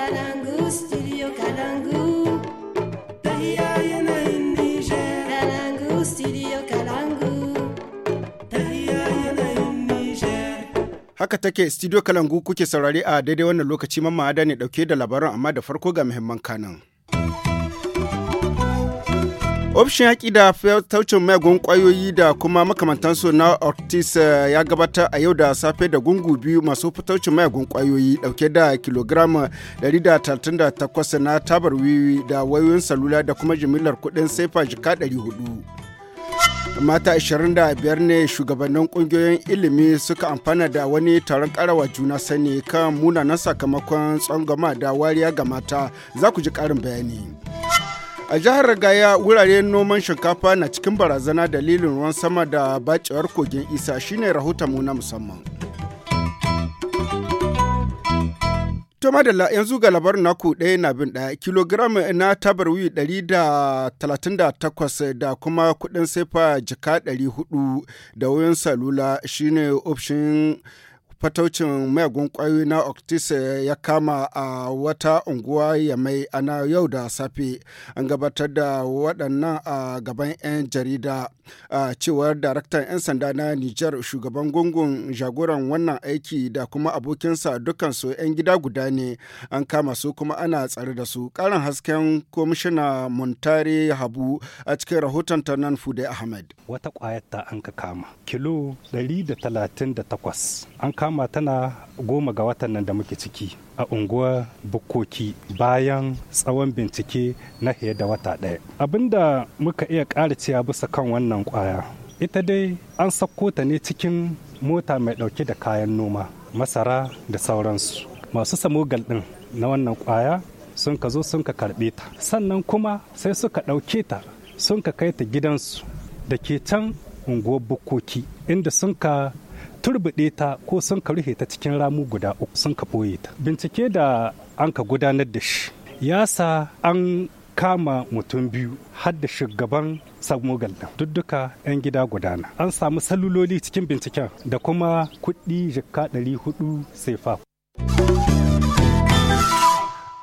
Kalangu, studio Kalangu. Tahiya yanayin Nijar. Kalangu, studio Kalangu. Tahiya yanayin Nijar. Haka take studio Kalangu kuke saurari a daidai wannan lokaci mamma da ne dauke da labaran amma da farko ga muhimman kanan. ofishin yaƙi da taucin mayagun ƙwayoyi da kuma makamantansu na ortiz eh, ya gabatar a yau da safe da gungu biyu masu fitaucin mayagun ƙwayoyi ɗauke da kilogram 138 eh, na tabar wiwi da wayoyin salula da kuma jimillar kuɗin saifa jika 400 mata 25 ne shugabannin ƙungiyoyin ilimi suka amfana da wani taron karawa juna sani kan munanan sakamakon tsangwama da wariya ga mata za ku ji karin bayani. A jihar ragaya wuraren noman shinkafa na cikin barazana dalilin ruwan sama da bacewar kogin isa shine rahotonmu na musamman. To madalla yanzu ga labarin naku ɗaya na bin ɗaya kilogram na tabarwi 138 da kuma kuɗin sefa jika 400 da wayan salula shine option fataucin magun kwayoyi na octise eh, ya kama a wata unguwa ya mai ana yau da safe an gabatar da waɗannan a gaban 'yan jarida a cewar daraktan 'yan sanda na nijar shugaban gungun jagoran wannan aiki da kuma abokinsa dukansu 'yan gida guda ne an kama su kuma ana tsare da su ƙarin hasken komishina montare habu a cikin rahoton ta nan fude ahmed wata kwayata an ka kama kilo 138 an kama kama tana goma ga watan nan da muke ciki a unguwar bukoki bayan tsawon bincike na fiye da wata ɗaya abinda muka iya ƙara cewa bisa kan wannan ƙwaya ita dai an sako ta ne cikin mota mai ɗauke da kayan noma masara da sauransu masu samogal ɗin na wannan ƙwaya sun ka zo sun ka karɓe ta sannan kuma sai suka ɗauke ta sun ka kai ta gidansu da ke can unguwar bukoki inda sun ka turbuɗe ta ko sun ka rufe ta cikin ramu guda uku sun ka ɓoye ta bincike da an ka gudanar da shi ya sa an kama mutum biyu har da shugaban samogal nan dudduka 'yan gida gudana an samu saluloli cikin binciken da kuma kuɗi jikka 400 sefa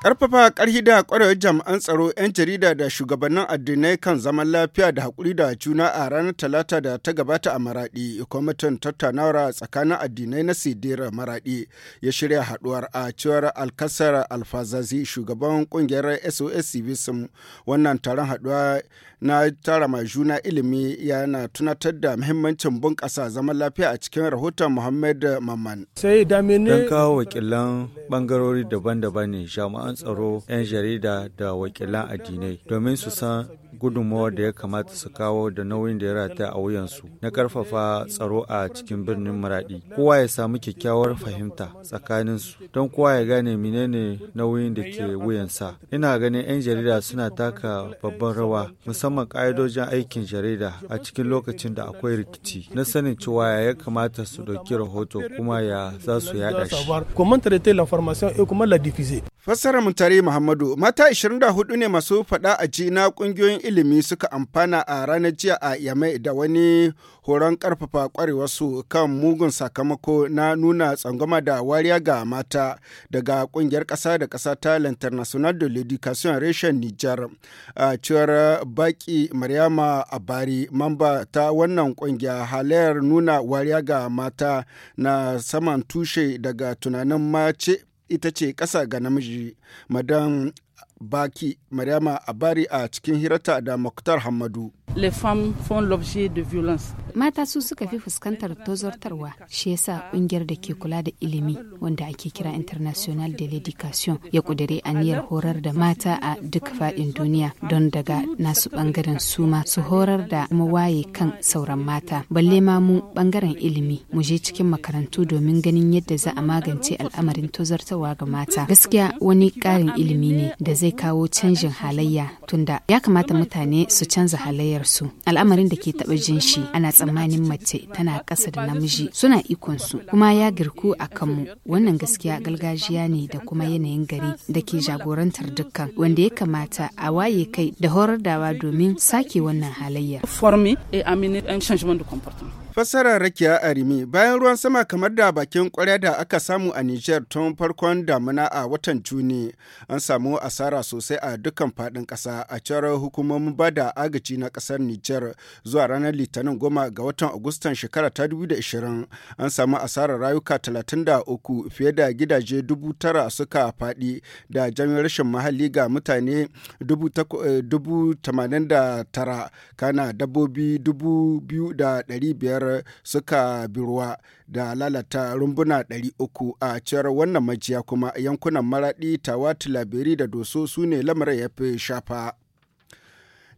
karfafa ƙarhi da ƙwarewar jami'an tsaro, 'yan jarida da shugabannin addinai kan zaman lafiya da haƙuri da juna a ranar Talata da ta gabata a Maraɗi, kwamitin tattaunawa tsakanin addinai na Sidira Maraɗi ya shirya haɗuwar a cewar Alkasar Alfazazi, shugaban ƙungiyar SOS Civism. Wannan taron haɗuwa na tara mai juna ilimi yana tunatar da muhimmancin bunƙasa zaman lafiya a cikin rahoton Muhammad Maman. Sai damini. Don kawo wakilan bangarori daban-daban ne jama'a jami'an tsaro 'yan jarida da wakilan addinai domin su san gudunmawar da ya kamata su kawo da nauyin da ya rata a wuyansu na karfafa tsaro a cikin birnin maradi kowa ya samu kyakkyawar fahimta tsakanin su don kowa ya gane menene nauyin da ke wuyansa ina ganin 'yan jarida suna taka babban rawa musamman ka'idojin aikin jarida a cikin lokacin da akwai rikici na sanin cewa ya kamata su ɗauki rahoto kuma ya za su yaɗa shi. fassarar Bashir Tare Muhammadu mata 24 ne masu faɗa a ji na ƙungiyoyin ilimi suka amfana a ranar jiya a Yamai da wani horon ƙarfafa ƙwarewarsu kan mugun sakamako na nuna tsangwama da wariya ga mata daga ƙungiyar ƙasa da kasa ta L'International de l'Education Reshen Nijar. A cewar Baki Maryama Abari, mamba ta wannan ƙungiya halayyar nuna wariya ga mata na saman tushe daga tunanin mace ita ce ƙasa ga namiji. Madam Baki Maryama Abari a cikin hirarta da Muktar Hamadu. de Mata su suka fi fuskantar tozartarwa shi yasa kungiyar da ke kula da ilimi wanda ake kira International de l'Education ya a aniyar horar da mata a duk faɗin duniya don daga nasu bangaren suma su horar da mawaye kan sauran mata. Balle ma mu bangaren ilimi mu je cikin makarantu domin ganin yadda za a magance al'amarin tozartarwa ga mata. Gaskiya wani ƙarin ilimi ne da zai kawo canjin halayya tunda ya kamata mutane su canza halayyar su al'amarin da ke taɓa jinshi ana tsammanin mace tana ƙasa da namiji suna ikon su kuma ya girku a kanmu wannan gaskiya galgajiya ne da kuma yanayin gari da ke jagorantar dukkan wanda ya kamata a waye kai da horar dawa domin sake wannan halayya. fassarar Rakiya Arimi bayan ruwan sama kamar da bakin kwarya da aka samu a Nijar tun farkon damuna a watan Juni an samu asara sosai a dukkan faɗin ƙasa a cewar hukumomin bada agaci na ƙasar Nijar zuwa ranar Litinin goma ga watan Agustan shekara ta 2020 an samu asarar rayuka 33 fiye da gidaje dubu tara suka faɗi da jami'ar rashin mahalli ga mutane dubu eh, kana dabbobi dubu da ɗari biyar suka suka ruwa da lalata rumbuna 300 a cewar wannan majiya kuma yankunan maraɗi tawa labiri da doso su ne lamarin ya fi shafa.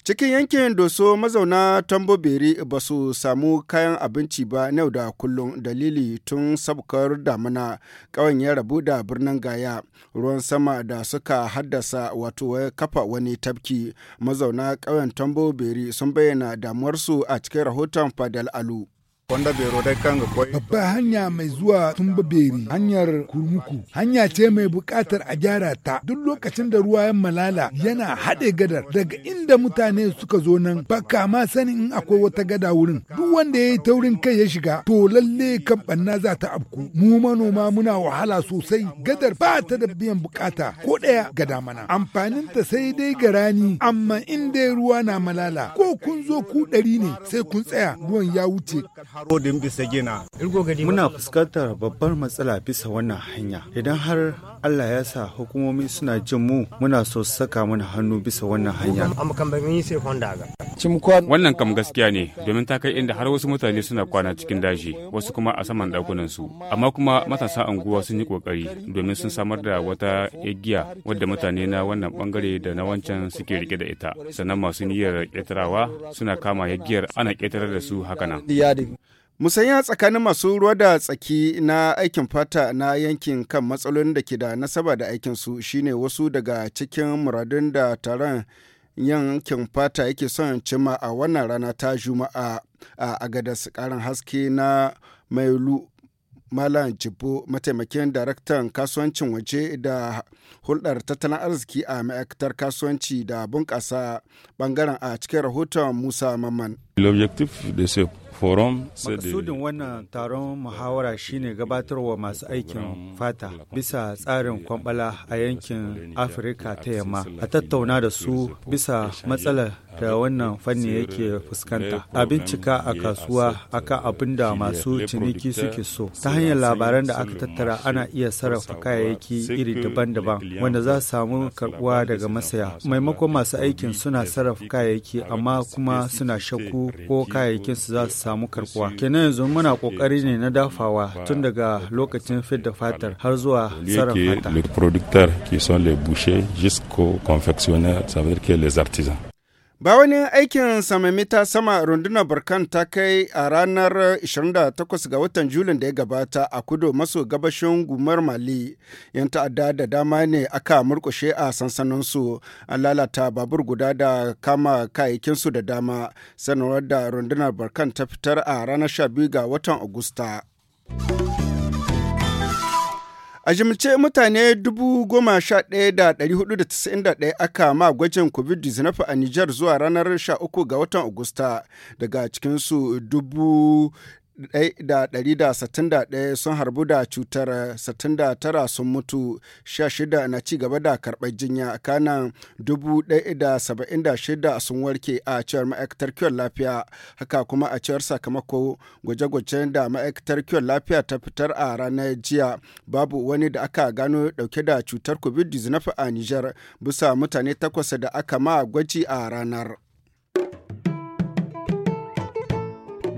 cikin yankin doso mazauna tambo beri ba su samu kayan abinci ba na da kullum dalili tun sabkar damuna kawai ya rabu da birnin gaya ruwan sama da suka haddasa wato kafa wani tabki mazauna tambo tamboberi sun bayyana damuwarsu a cikin rahoton fadal alu ga Babbar hanya mai zuwa babere hanyar Kurmuku hanya ce mai buƙatar a gyara ta duk lokacin da ruwa ya malala yana haɗe gadar daga inda mutane suka zo nan ba kama sanin in akwai wata gada wurin duk wanda ya yi taurin kai ya shiga to lalle kan ɓanna za ta afku mu manoma muna wahala sosai gadar ba ta da biyan bukata ko ɗaya gada mana amfanin ta sai dai ga rani amma in dai ruwa na malala ko kun zo ku ɗari ne sai kun tsaya ruwan ya wuce harodin bisa gina. Muna fuskantar babbar matsala bisa wannan hanya. Idan har Allah ya sa hukumomi suna jin mu muna so saka mana hannu bisa wannan hanya. Wannan kam gaskiya ne domin ta kai inda har wasu mutane suna kwana cikin daji wasu kuma a saman ɗakunansu. Amma kuma matasa unguwa sun yi kokari domin sun samar da wata igiya wadda mutane na wannan bangare da na wancan suke rike da ita. Sannan masu niyyar ƙetarawa suna kama yaggiyar ana ƙetarar da su hakanan. musanya tsakanin masu ruwa da tsaki na aikin fata na yankin kan matsalolin da ke da nasaba da aikinsu shine wasu daga cikin muradun da taron yankin fata yake son cima a wannan rana ta juma'a a agadas karin haske na mailu Malam Jibo mataimakin daraktan kasuwancin waje da hulɗar tattalin arziki a ma'aikatar kasuwanci da bunƙasa ɓangaren a cikin rahoton Musa mamman L'objectif de forum makasudin wannan taron muhawara shine gabatarwa masu aikin fata bisa tsarin kwambala a yankin afirka ta yamma a tattauna da su bisa matsala da wannan fanni yake fuskanta a bincika a kasuwa akan abin da masu ciniki suke so ta hanyar labaran da aka tattara ana iya sarrafa kayayyaki iri daban-daban wanda za su samu karbuwa daga masaya maimakon masu aikin suna sarrafa kayayyaki amma kuma suna shakku ko kayayyakin su za su samu karbuwa kenan yanzu muna kokari ne na dafawa tun daga lokacin fidda fatar har zuwa sarrafa ta le producteur qui sont les bouchers jusqu'au confectionneur, ça veut dire que les artisans Ba wani aikin samamita sama rundunar Burkan ta kai a ranar 28 ga watan Julin da ya gabata a kudu maso gabashin gumar Mali. Yan ta'adda da dama ne aka murkushe a sansaninsu an lalata babur guda da kama kayayyakinsu da dama sanarwar da rundunar Burkan ta fitar a ranar 12 ga watan Agusta. A jimce mutane 11,491 aka ma gwajin COVID-19 a Nijar zuwa ranar 13 ga watan Agusta daga cikinsu 1,161 sun harbu da cutar 69 sun mutu 16 na ci da karɓar jinya kanan 1,176 sun warke a cewar ma'aikatar kiwon lafiya haka kuma a cewar sakamako gwaje gwaje da ma'aikatar kiwon lafiya ta fitar a ranar jiya babu wani da aka gano dauke da cutar covid-19 a Nijar bisa mutane takwas da aka ma gwaji a ranar.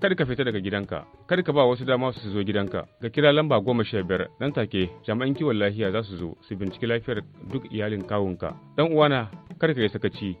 kada ka fita daga gidanka kada ka ba wasu dama su zo gidanka ga kira lamba goma sha biyar nan take jami'an kiwon lafiya za su zo su binciki lafiyar duk iyalin kawunka dan uwana kada ka yi sakaci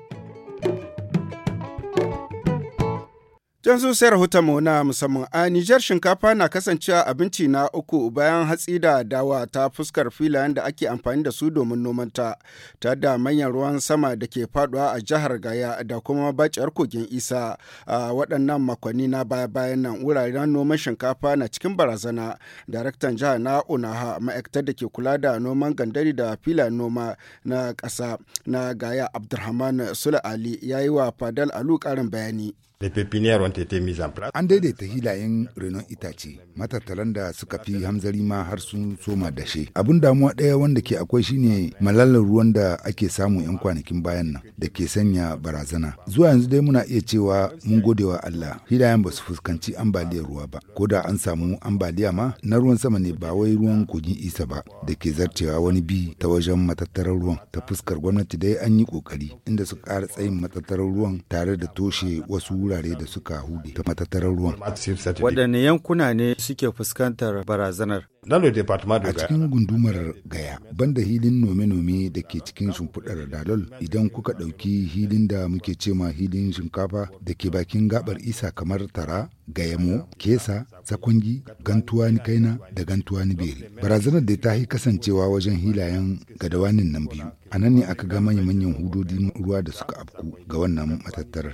Jan su sai rahotonmu na musamman a Nijar shinkafa na kasancewa abinci na uku bayan hatsi da dawa ta fuskar filayen da ake amfani da su domin nomanta, ta da manyan ruwan sama da ke faduwa a jihar Gaya da kuma baciyar kogin Isa a waɗannan makonni na baya-bayan nan wuraren noman shinkafa na cikin barazana. Daraktan jihar na Unaha ma'aikatar da ke kula da noman gandari da filayen noma na ƙasa na Gaya Abdulrahman Sule Ali ya yi wa Fadal Alu ƙarin bayani. An daidaita hilayen renon itace, matattaran da suka fi hamzari ma har sun soma dashe. Abin damuwa ɗaya wanda ke akwai shine malalar ruwan da ake samu 'yan kwanakin bayan nan da ke sanya barazana. Zuwa yanzu dai muna iya cewa mun gode wa Allah, hilayen ba su fuskanci ambaliyar ruwa ba. Ko da an samu ambaliya ma na ruwan sama ne ba wai ruwan kogin isa ba da ke zartewa wani bi ta wajen matattarar ruwan. Ta fuskar gwamnati dai an yi ƙoƙari inda suka ƙara tsayin matattarar ruwan tare da toshe wasu wurare da suka hude da matattarar ruwan. Waɗanne yankuna ne suke fuskantar barazanar? A cikin gundumar Gaya, banda hilin nome-nome da ke cikin shimfiɗar Dalol, idan kuka ɗauki hilin da muke cema hilin shinkafa da ke bakin gabar isa kamar tara gayamo kesa sakwangi gantuwa ni kaina da gantuwa ni beri barazanar da ta yi kasancewa wajen hilayen gadawanin nan biyu a nan ne aka ga manyan hudodi ruwa da suka afku ga wannan matattarar.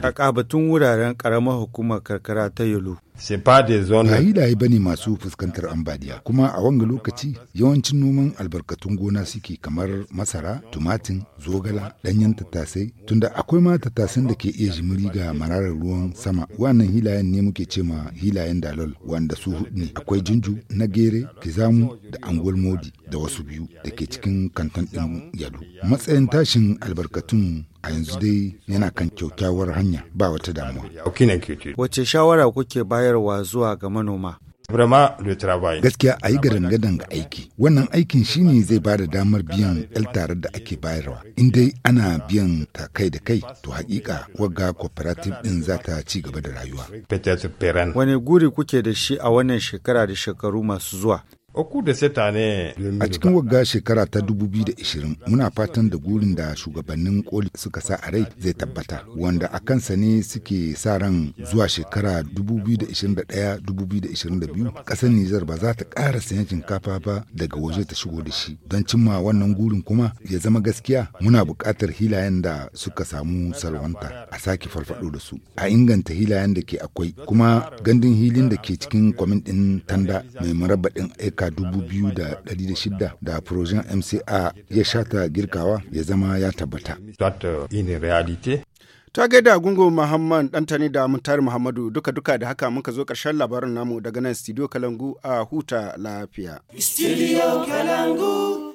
Kaka wuraren karamar hukumar karkara ta yulu ba hilaye bane masu fuskantar ambaliya kuma a wanga lokaci yawancin noman albarkatun gona suke kamar masara tumatin zogala danyen tattasai tunda akwai ma tattasan da ke iya jimiri ga mararar ruwan sama wannan hilayen ne muke ce ma hilayen dalol wanda su hudu ne akwai jinju na gere kizamu da angol modi da wasu biyu da ke cikin kanton din yadu matsayin tashin albarkatun a yanzu dai yana kan kyaukyawar hanya ba wata damuwa. Wace shawara kuke bayarwa zuwa ga manoma? Gaskiya a yi gadangadan ga aiki. Wannan aikin shine zai ba da damar biyan yal tare da ake bayarwa. In dai ana biyan ta kai da kai, to hakika wagga cooperative ɗin za ta ci gaba da rayuwa. Wane guri kuke da shi a wannan shekara da shekaru masu zuwa? A cikin wagga shekara ta 2020 muna fatan da gurin da shugabannin koli suka sa a rai zai tabbata wanda a kansa ne suke sa ran zuwa shekara 2021-2022 ƙasar Nijar ba za ta ƙara sayan shinkafa ba daga waje ta shigo da shi. Don cimma wannan gurin kuma ya zama gaskiya muna buƙatar hilayen da suka samu salwanta a sake farfaɗo da su. A inganta hilayen da ke akwai kuma gandun hilin da ke cikin kwamin ɗin tanda mai murabbaɗin aika dubu 2,600 da projen mca ya shata girkawa ya zama ya tabbata uh, ta gaida gungun muhammad dantani da muntari muhammadu duka duka da haka muka zo karshen labarin namu daga nan studio kalangu a huta lafiya studio kalangu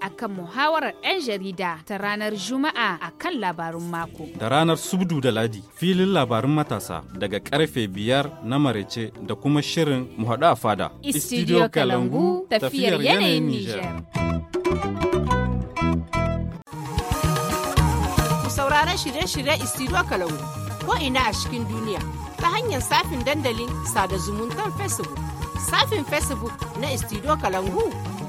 akan muhawarar 'yan jarida ta ranar Juma'a akan labarun mako. Da ranar Subdu da Ladi filin labarun matasa daga karfe biyar na marece da kuma shirin muhaɗu a fada. Istidiyo Kalangu tafiyar yanayin Nijar. saurari shirye-shirye Istidiyo Kalangu ko ina a cikin duniya ta hanyar safin dandalin sada zumuntar Facebook. Safin Facebook na Istidiyo Kalangu